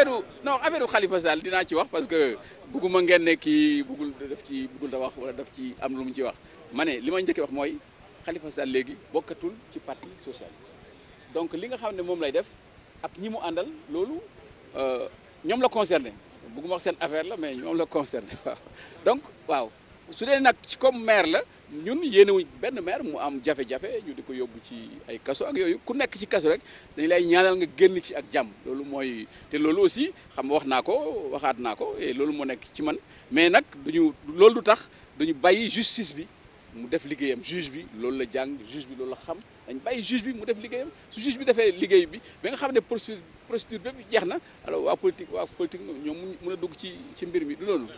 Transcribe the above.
affaire non Khalifa Sall ci wax parce que je ngeen ne def ci bugul da wax wala daf ci Khalifa Sall parti socialiste donc li nga xamné ne lay def ak ñi mu lolu euh, la concerné wax affaire mais ñom la concerné donc waaw su comme maire ñun yéenewuñ benn maire mu am jafe-jafe ñu di ko yóbbu ci ay kaso ak yooyu ku nekk ci kaso rek dañ lay ñaanal nga génn ci ak jàmm loolu mooy te loolu aussi xam wax naa ko waxaat naa ko loolu moo nekk ci man mais nag duñu loolu du tax dañu bàyyi justice bi mu def liggéeyam juge bi loolu la jàng juge bi loolu la xam dañ bàyyi juge bi mu def liggéeyam su juge bi defee liggéey bi ba nga xam ne procédure procédure bépp jeex na alors waa politique waa politique ñoom mun a dugg ci ci mbir mi du loolu